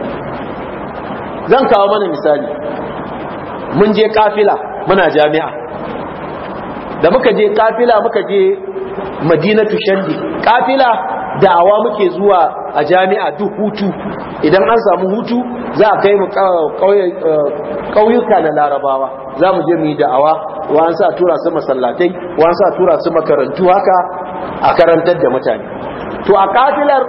zan kawo mana misali mun je kafila muna jami'a da muka je kafila muka je madinatu shandi kafila da'awa muke zuwa a jami'a duk hutu idan an samu hutu za a kai mu eh, ƙauyuka na larabawa za mu je mu yi da'awa wa an sa tura su masallatai wa an sa tura su makarantu haka a karantar da mutane to a kafilar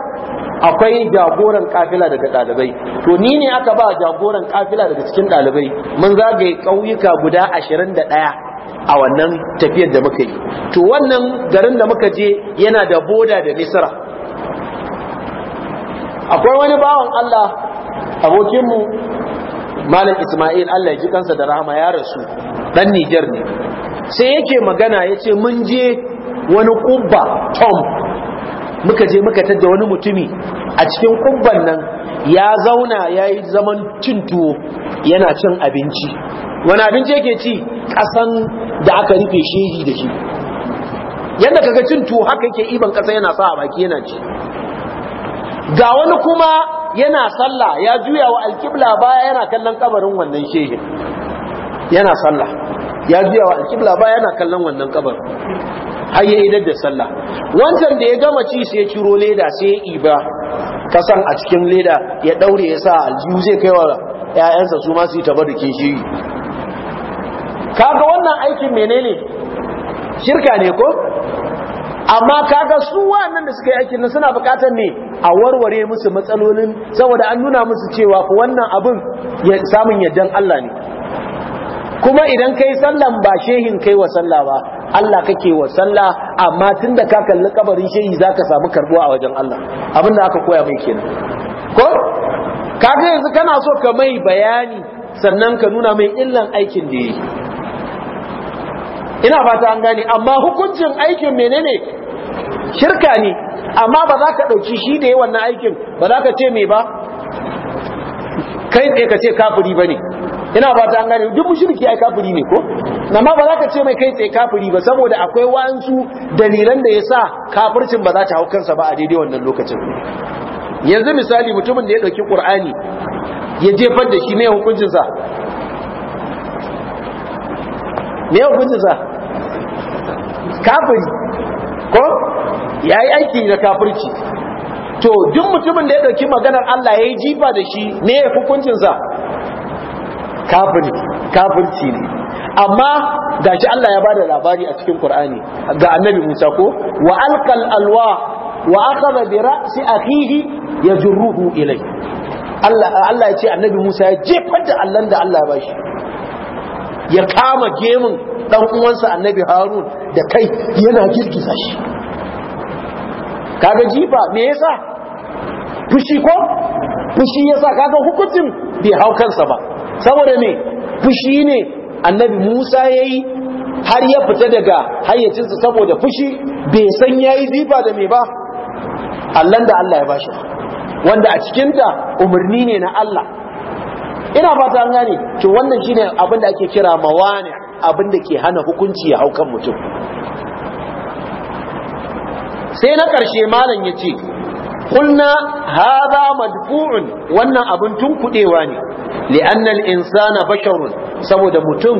akwai jagoran kafila daga dalibai to ni ne aka ba jagoran kafila daga cikin dalibai mun zagaye ƙauyuka guda ashirin da ɗaya a wannan tafiyar da muka yi to wannan garin da muka je yana da boda da misira akwai wani bawan Allah abokinmu malam Ismail Allah ya ji kansa da rahama ya rasu dan Nijar ne sai yake magana yace mun je wani kubba tom muka je muka tadda wani mutumi a cikin kubban nan ya zauna ya yi zaman cin tuwo yana cin abinci wani abinci yake ci ƙasan da aka rufe shehi da shi yadda kaga cin tuwo haka yake iban kasa yana sa a baki yana ci ga wani kuma yana sallah ya juya wa alkibla baya yana kallon kabarin wannan shehin yana sallah ya juya wa alkibla baya yana kallon wannan kabarin har ya idar da sallah wancan da ya gama ci sai ya ciro leda sai ya iba kasan a cikin leda ya daure ya sa aljihu zai kai wa ƴaƴansa su ma su yi ke shi kaga wannan aikin menene shirka ne ko amma kaga su wannan da suka yi aikin suna bukatar ne a warware musu matsalolin saboda an nuna musu cewa ku wannan abin samun yaddan Allah ne kuma idan kai sallan ba shehin kai wa sallah ba Allah kake wa sallah amma tunda ka kalli kabarin shehi zaka samu karbuwa a wajen Allah abin da aka koya mai kenan ko kaga yanzu kana so ka mai bayani sannan ka nuna mai illan aikin da yi ina fata an gane amma hukuncin aikin menene shirka ne amma ba za ka ɗauki shi da yawan wannan aikin ba za ka ce mai ba kai tsaye ka ce kafiri ba ne ina ba ta gane duk mushriki ai kafiri ne ko amma ba za ka ce mai kai tsaye kafiri ba saboda akwai wa'ansu dalilan da yasa kafircin ba za ta hau kansa ba a daidai wannan lokacin yanzu misali mutumin da ya dauki qur'ani ya jefar da shi ne hukuncin sa ne hukuncin sa kafiri ko yayi aiki da kafirci to duk mutumin da ya dauki maganar Allah ya yi jifa da shi ne hukuncin sa kafirci ne amma gashi Allah ya bada labari a cikin Qur'ani ga Annabi Musa ko wa alqal alwa wa akhadha bi ra'si akhihi yajruhu ilayhi Allah Allah ya ce Annabi Musa ya jefar da Allah da Allah ya bashi ya kama gemun dan uwansa Annabi Harun da kai yana girgiza shi kaga jifa me yasa fushi ko fushi yasa kaga hukuncin bai hau kansa ba saboda ne fushi ne annabi Musa ya yi har ya fita daga hayyacinsa saboda fushi bai san ya yi zifa da mai ba Allon da Allah ya ba shi wanda a cikinta umarni ne na Allah ina fata an gane to wannan shine abin da ake kira mawani abin da ke hana hukunci ya haukan mutum sai na ƙarshe malam ya ce kulna haza madfu'un wannan abin tun kudewa ne li'annal insana basharun saboda mutum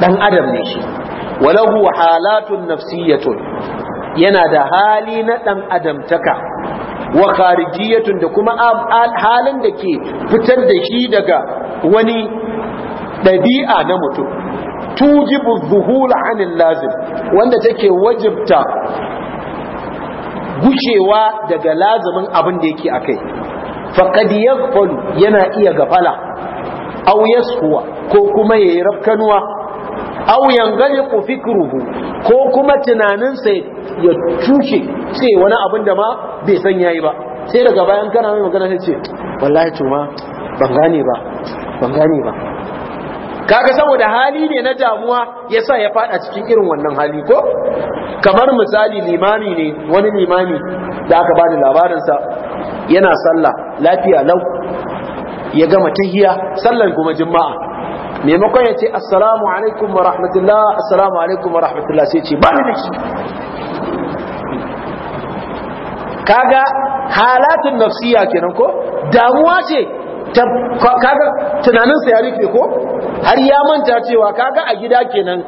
dan adam ne shi walahu halatun nafsiyatun yana da hali na dan adamtaka wa kharijiyatun da kuma halin da ke fitar da shi daga wani dabi'a na mutum tujibu zuhul anil lazim wanda take wajibta gushewa daga lazumin abin da yake akai faqad yaghfal yana iya gafala aw yaskuwa ko kuma yayi rafkanuwa aw yanghaliqu fikruhu ko kuma tunaninsa ya tushe sai wani abin da ma bai san yayi ba sai daga bayan kana mai magana sai ce wallahi to ban gane ba ban gane ba kaga saboda hali ne na damuwa yasa ya fada cikin irin wannan hali ko kamar misali limami ne wani limami da aka bani labarinsa yana sallah lafiya lau ya gama tahiya sallar kuma juma'a maimakon ya ce assalamu alaikum wa rahmatullah assalamu alaikum wa rahmatullah sai ce bani ni da shi kaga halatun nafsiya kenan ko damuwa ce kaga tunaninsa ya rufe ko har ya manta cewa kaga a gida kenan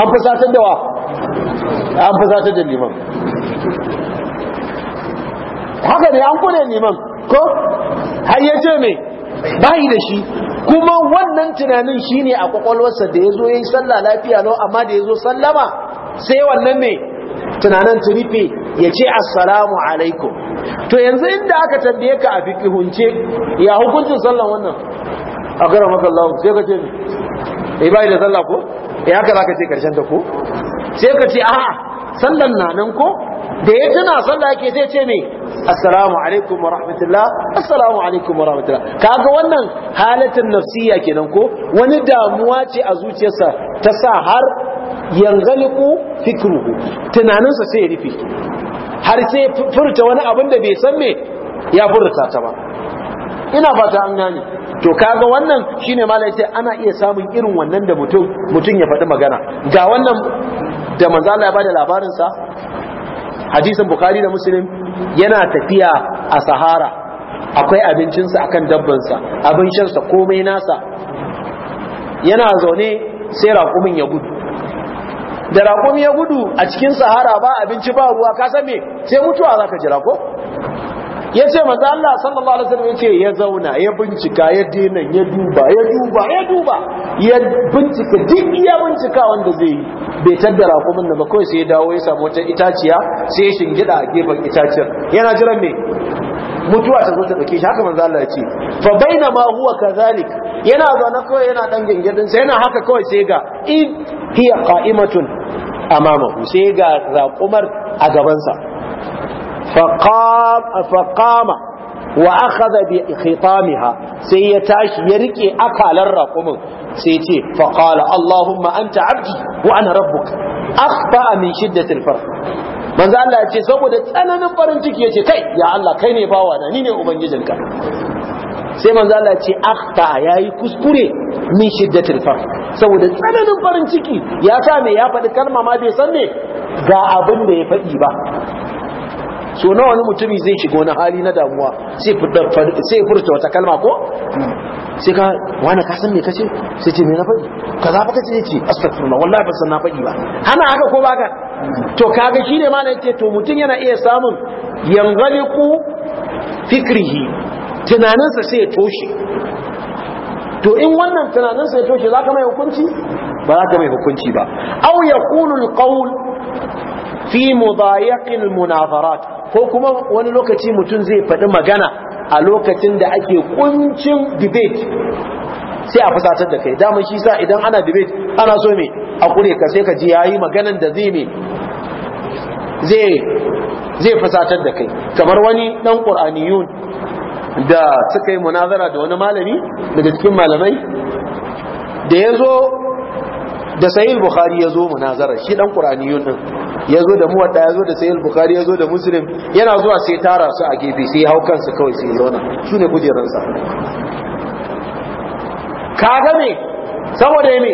an fusatar da wa an fusatar da liman haka ne an kone liman ko har ya ce mai bayi da shi kuma wannan tunanin shine a kwakwalwarsa da ya zo ya yi sallah lafiya nawa amma da ya zo sallama sai wannan ne tunanin turife ya ce assalamu alaikum to yanzu inda aka tambaye ka a fikihunce ya hukuncin sallan wannan a gara sai ka ce ba eh, bai da sallah ko eh haka zaka ce karshen ta ko sai ka ce a'a sallan na nan ko da ya tana sallah yake sai ce me assalamu alaikum wa rahmatullah assalamu alaikum wa rahmatullah kaga wannan halatin nafsiya kenan ko wani damuwa ce a zuciyarsa ta sa har yanzaliku fikruhu tunaninsa sai ya rufe har sai furta wani abin da bai san me ya furta ta ba ina fata an gane to kaga wannan shine malai sai ana iya samun irin wannan da mutum mutum ya faɗi magana ga wannan da manzo Allah ya bada labarin sa hadisin bukhari da muslim yana tafiya a sahara akwai abincinsa akan sa abin shansa komai nasa yana zaune sai raƙumin ya gudu da raƙumi ya gudu a cikin sahara ba abinci ba ruwa ka san me sai mutuwa zaka jira ko ya ce maza Allah sallallahu alaihi wasallam ya ce ya zauna ya bincika ya dena ya duba ya duba ya duba ya bincika duk iya bincika wanda zai yi bai taddara kuma da bakwai sai ya dawo ya samu wata itaciya sai ya shingida a gefen itaciyar yana jiran ne mutuwa ta zo ta dauke shi haka manzo Allah ya ce fa ma huwa kazalik yana zaune kawai yana dan gingirdin yana haka kawai sai ga in hiya qa'imatun sai ga raƙumar a gabansa faƙama wa akhadha bi khitamiha sai ya tashi ya rike akalar raƙumin sai ce faqala allahumma anta abdi wa ana rabbuka akhfa min shiddati al-farh manzo Allah ya ce saboda tsananin farin ciki ce kai ya Allah kai ne bawa na ni ne ubangijinka sai manzo Allah ya ce akhta yayi kuskure min shiddatil farh saboda tsananin farin ciki ya sa me ya faɗi kalma ma bai san ne, ga abin da ya faɗi ba so nawa wani mutumi zai shiga wani hali na damuwa sai furta wata kalma ko sai ka wani ka san me kace sai ce me na faɗi Ka za ka ce astagfirma wallahi ba san na faɗi ba hana haka ko ba ka? to kaga shi ne mana yace to mutum yana iya samun yangaliku fikrihi tunaninsa sai ya toshe to in wannan tunaninsa ya toshe za ka mai hukunci ba za ka mai hukunci ba ya kunul alqawl fi mudayiqil munazarat ko kuma wani lokaci mutum zai faɗi magana a lokacin da ake kuncin debate sai a fusatar da kai mun shi sa idan ana debate ana so me a kure ka sai ka ji yayi maganan da zai me zai zai fusatar da kai kamar wani dan qur'aniyun da suka yi munazara da wani malami daga cikin malamai da yazo da sahih bukhari yazo munazara shi dan qur'aniyun din ya zo da muwadda ya zo da sayil bukhari ya zo da muslim yana zuwa sai tara su a gefe sai hau kansu kawai sai zauna su ne kujeransa kaga me saboda me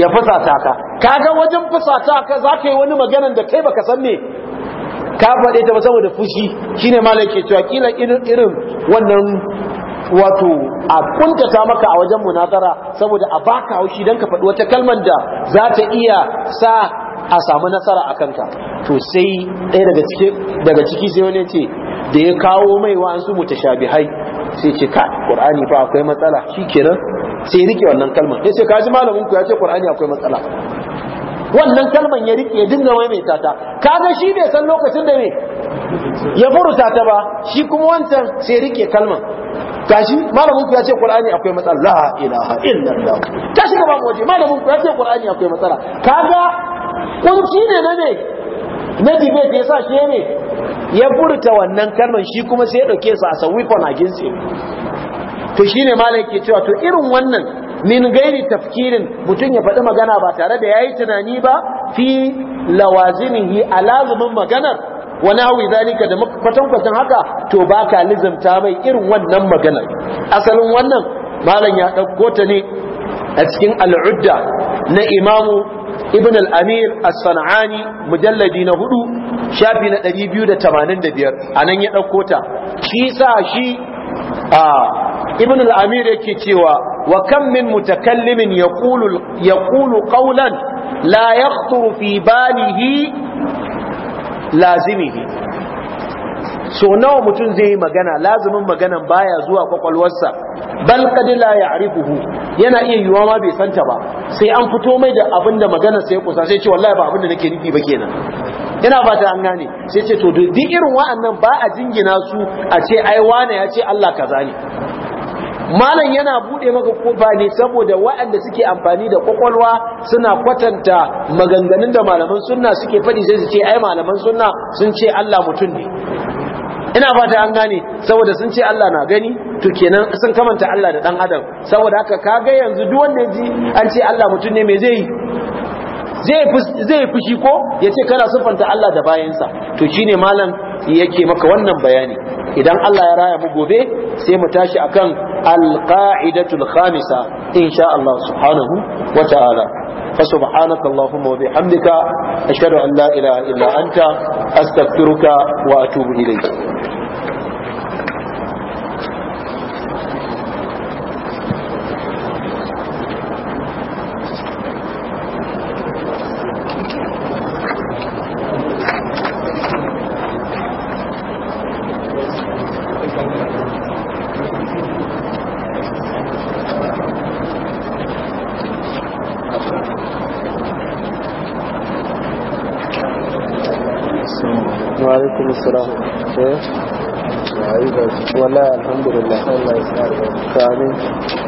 ya fusata ka kaga wajen fusata ka za ka yi wani maganan da kai baka san me ka faɗe ta ba saboda fushi shine malam ke cewa kila irin wannan wato a kuntata maka a wajen munazara saboda a baka haushi don ka faɗi wata kalmar da za ta iya sa a samu nasara a kanka to sai ɗaya daga ciki daga ciki sai wani ce da ya kawo mai wa an wa'ansu mutashabihai sai ce ka qur'ani fa akwai matsala shikenan sai rike wannan kalmar sai ka ji malamin ku ya ce qur'ani akwai matsala wannan kalman ya rike ya dinga maimaita Ka kaga shi bai san lokacin da me ya furta ta ba shi kuma wancan sai rike kalman kashi malamin ku ya ce qur'ani akwai matsala la ilaha illallah tashi mu waje malamin ku ya ce qur'ani akwai matsala kaga kunci ne na ne na debate ya sa shi ne ya furta wannan kalmar shi kuma sai ya dauke sa a a weapon against him to shine malam ke cewa to irin wannan min gairi tafkirin mutum ya faɗi magana ba tare da yayi tunani ba fi lawazimihi alazumin maganar wani hawi zalika da kwatan haka to baka lizimta mai irin wannan maganar asalin wannan malam ya ɗauko ta ne a cikin al'udda na imamu ibn al-amir as-san'ani mujalladi na hudu shafi na 285 anan ya dauko ta shi sa shi ibn al-amir yake cewa wa kam min mutakallimin yaqulu yaqulu qawlan la yakhthuru fi balihi lazimihi so nawa mutum zai yi magana lazimin magana baya zuwa kwakwalwarsa bal qad la arifuhu yana iya yiwuwa ma bai santa ba sai an fito mai da abin da magana sai kusa sai ce wallahi ba abin da nake nufi ba kenan Yana ba ta an gane sai ce to duk irin wa'annan ba a jingina su a ce ai wane ya ce Allah kaza ne malam yana bude maka kofa ne saboda wa'anda suke amfani da kwakwalwa suna kwatanta maganganun da malaman sunna suke faɗi sai su ce ai malaman sunna sun ce Allah mutum ne ina fata an gane saboda sun ce Allah na gani to kenan sun kamanta Allah da dan adam saboda haka kaga yanzu duk wanda ji an ce Allah mutum ne me zai yi zai fushi ko ya ce kana sufanta Allah da bayansa to shine malam yake maka wannan bayani idan Allah ya raya mu gobe sai mu tashi akan alqaidatul khamisa insha Allah subhanahu wa ta'ala fa subhanaka allahumma wa bihamdika ashhadu an la ilaha illa anta astaghfiruka wa السلام ايه والله الحمد لله الله يسعدك